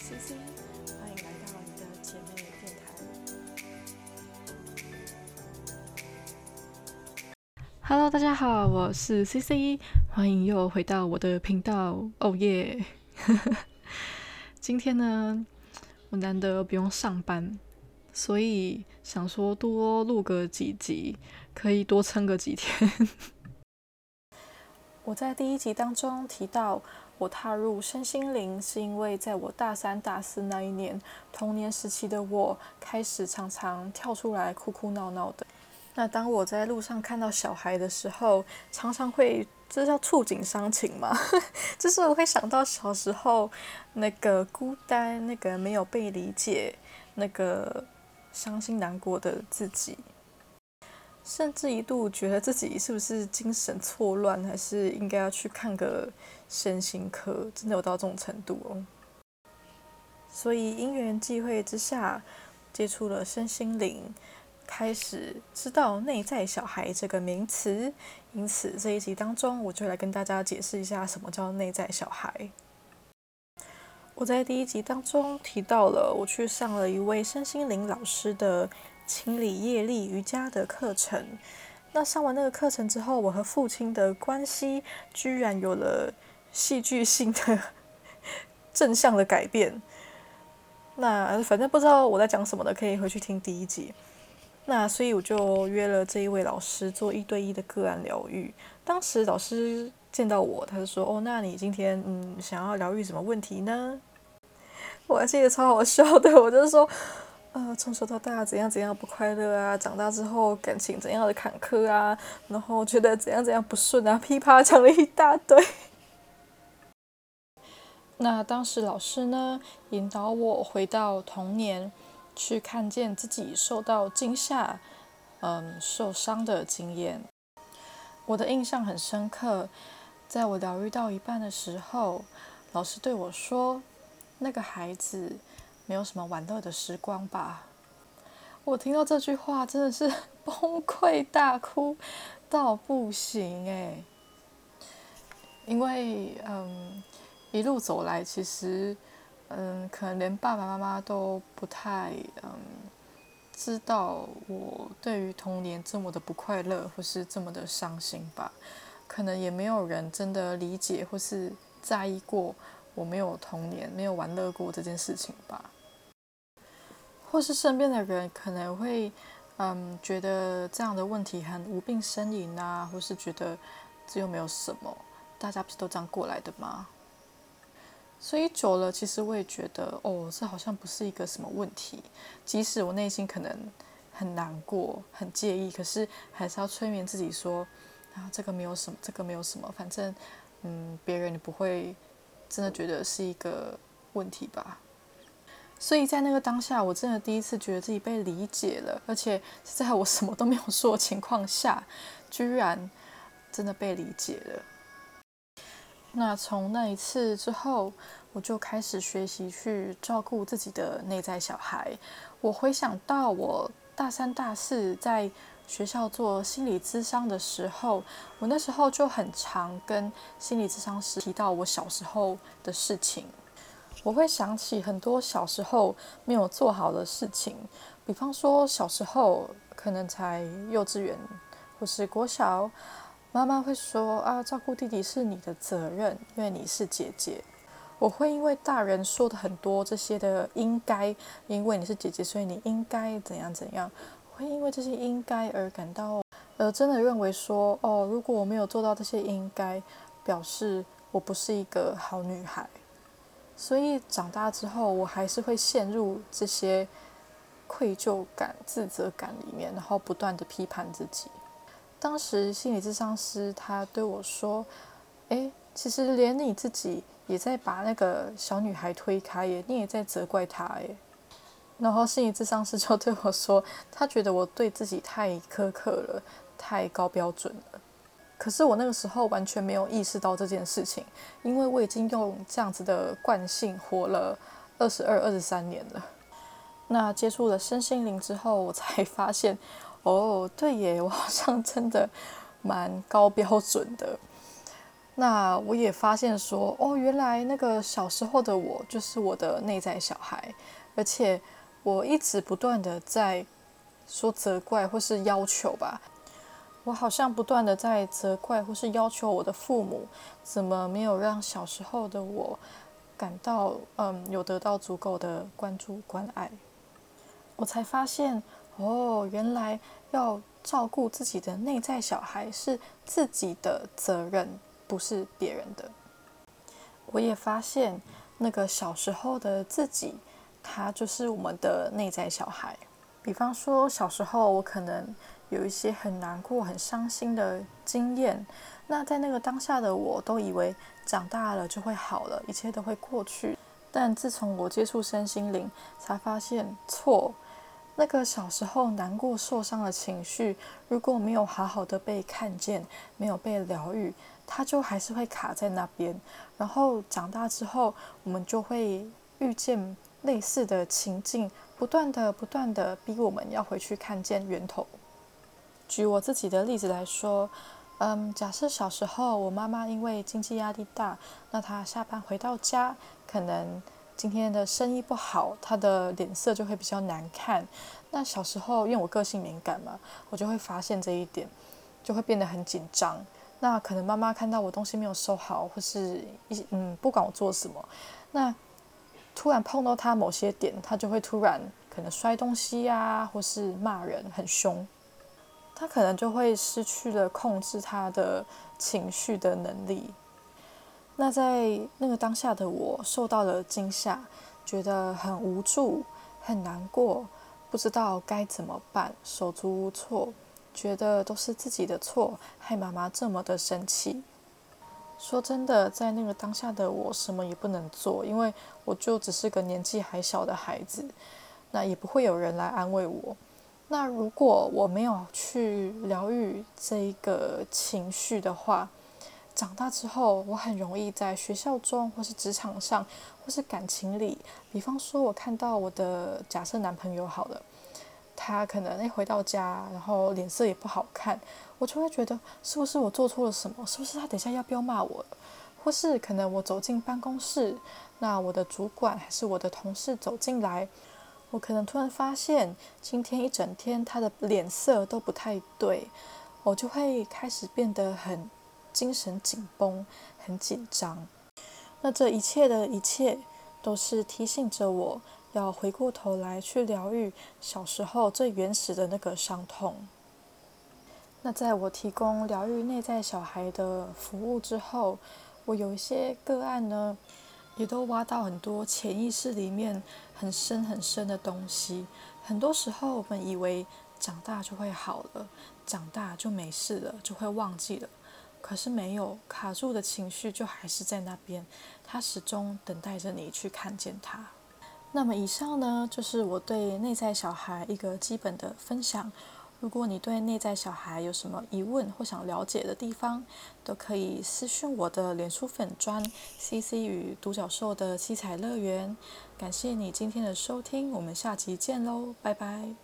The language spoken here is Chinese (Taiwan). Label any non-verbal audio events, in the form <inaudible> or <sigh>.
C C，歡迎來到你的姐妹電台。Hello，大家好，我是 C C，歡迎又回到我的頻道。Oh yeah. <laughs> 今天呢，我難得不用上班，所以想說多錄個幾集，可以多撐個幾天。我在第一集當中提到。我踏入身心靈，是因為在我大三大四那一年，童年時期的我開始常常跳出來哭哭鬧鬧的。那當我在路上看到小孩的時候，常常會，這叫觸景傷情嘛， <laughs> 就是我會想到小時候那個孤單、那個沒有被理解、那個傷心難過的自己。甚至一度覺得自己是不是精神錯亂，還是應該要去看個身心科？真的有到這種程度哦。所以因緣際會之下，接觸了身心靈，開始知道“內在小孩”這個名詞。因此這一集當中，我就來跟大家解釋一下什麼叫“內在小孩”。我在第一集當中提到了，我去上了一位身心靈老師的。清理業力瑜伽的課程，那上完那個課程之後，我和父親的關係居然有了戲劇性的 <laughs> 正向的改變。那反正不知道我在講什麼的，可以回去聽第一集。那所以我就約了這一位老師做一對一的個案療癒。當時老師見到我，他就說：“哦，那你今天嗯想要療癒什麼問題呢？”我還記得超好笑的，我就說。啊，從小到大怎樣怎樣不快樂啊，長大之後感情怎樣的坎坷啊，然後覺得怎樣怎樣不順啊，噼啪講了一大堆。那當時老師呢，引導我回到童年，去看見自己受到驚嚇、嗯受傷的經驗。我的印象很深刻，在我療癒到一半的時候，老師對我說：“那個孩子。”沒有什麼玩樂的時光吧？我聽到這句話真的是崩潰大哭到不行誒！因為嗯，一路走來，其實嗯，可能連爸爸媽媽都不太嗯知道我對於童年這麼的不快樂或是這麼的傷心吧，可能也沒有人真的理解或是在意過我沒有童年沒有玩樂過這件事情吧。或是身邊的人可能會，嗯，覺得這樣的問題很無病呻吟啊，或是覺得這又沒有什麼，大家不是都這樣過來的嗎？所以久了，其實我也覺得，哦，這好像不是一個什麼問題。即使我內心可能很難過、很介意，可是還是要催眠自己說，啊，這個沒有什麼，這個沒有什麼，反正，嗯，別人你不會真的覺得是一個問題吧。所以在那個當下，我真的第一次覺得自己被理解了，而且在我什麼都沒有說的情況下，居然真的被理解了。那從那一次之後，我就開始學習去照顧自己的內在小孩。我回想到我大三、大四在學校做心理諮商的時候，我那時候就很常跟心理諮商師提到我小時候的事情。我會想起很多小時候沒有做好的事情，比方說小時候可能才幼稚園或是國小，媽媽會說：“啊，照顧弟弟是你的責任，因為你是姐姐。”我會因為大人說的很多這些的應該，因為你是姐姐，所以你應該怎樣怎樣。會因為這些應該而感到，呃，真的認為說：“哦，如果我沒有做到這些應該，表示我不是一個好女孩。”所以長大之後，我還是會陷入這些愧疚感、自責感裡面，然後不斷的批判自己。當時心理諮商師他對我說誒：“其實連你自己也在把那個小女孩推開耶，你也在責怪她耶。”然後心理諮商師就對我說：“他覺得我對自己太苛刻了，太高標準了。”可是我那個時候完全沒有意識到這件事情，因為我已經用這樣子的慣性活了二十二、二十三年了。那接觸了身心靈之後，我才發現，哦，對耶，我好像真的蠻高標準的。那我也發現說，哦，原來那個小時候的我就是我的內在小孩，而且我一直不斷的在說責怪或是要求吧。我好像不斷地在責怪或是要求我的父母，怎麼沒有讓小時候的我感到嗯有得到足夠的關注關愛。我才發現哦，原來要照顧自己的內在小孩是自己的責任，不是別人的。我也發現那個小時候的自己，他就是我們的內在小孩。比方說小時候我可能。有一些很難過、很傷心的經驗，那在那個當下的我都以為長大了就會好了，一切都會過去。但自從我接觸身心靈，才發現錯。那個小時候難過、受傷的情緒，如果沒有好好的被看見、沒有被療癒，它就還是會卡在那邊。然後長大之後，我們就會遇見類似的情境，不斷的、不斷的逼我們要回去看見源頭。舉我自己的例子來說，嗯，假設小時候我媽媽因為經濟壓力大，那她下班回到家，可能今天的生意不好，她的臉色就會比較難看。那小時候因為我個性敏感嘛，我就會發現這一點，就會變得很緊張。那可能媽媽看到我東西沒有收好，或是一嗯，不管我做什麼，那突然碰到她某些點，她就會突然可能摔東西啊，或是罵人，很凶。他可能就會失去了控制他的情緒的能力。那在那個當下的我受到了驚嚇，覺得很無助、很難過，不知道該怎麼辦，手足無措，覺得都是自己的錯，害媽媽這麼的生氣。說真的，在那個當下的我什麼也不能做，因為我就只是個年紀還小的孩子，那也不會有人來安慰我。那如果我沒有去療癒這一個情緒的話，長大之後我很容易在學校中，或是職場上，或是感情裡，比方說，我看到我的假設男朋友好了，他可能一、欸、回到家，然後臉色也不好看，我就會覺得是不是我做錯了什麼？是不是他等一下要不要罵我？或是可能我走進辦公室，那我的主管還是我的同事走進來，我可能突然發現，今天一整天他的臉色都不太對，我就會開始變得很精神緊繃、很緊張。那這一切的一切，都是提醒着我要回過頭來去療癒小時候最原始的那個傷痛。那在我提供療癒內在小孩的服務之後，我有一些個案呢，也都挖到很多潛意識裡面很深很深的東西。很多時候，我們以為長大就會好了，長大就沒事了，就會忘記了。可是沒有卡住的情緒，就還是在那邊，它始終等待着你去看見它。那麼，以上呢，就是我對內在小孩一個基本的分享。如果你對內在小孩有什麼疑問或想了解的地方，都可以私訊我的臉書粉專 CC 與獨角獸的七彩樂園。感謝你今天的收聽，我們下集見嘍，拜拜。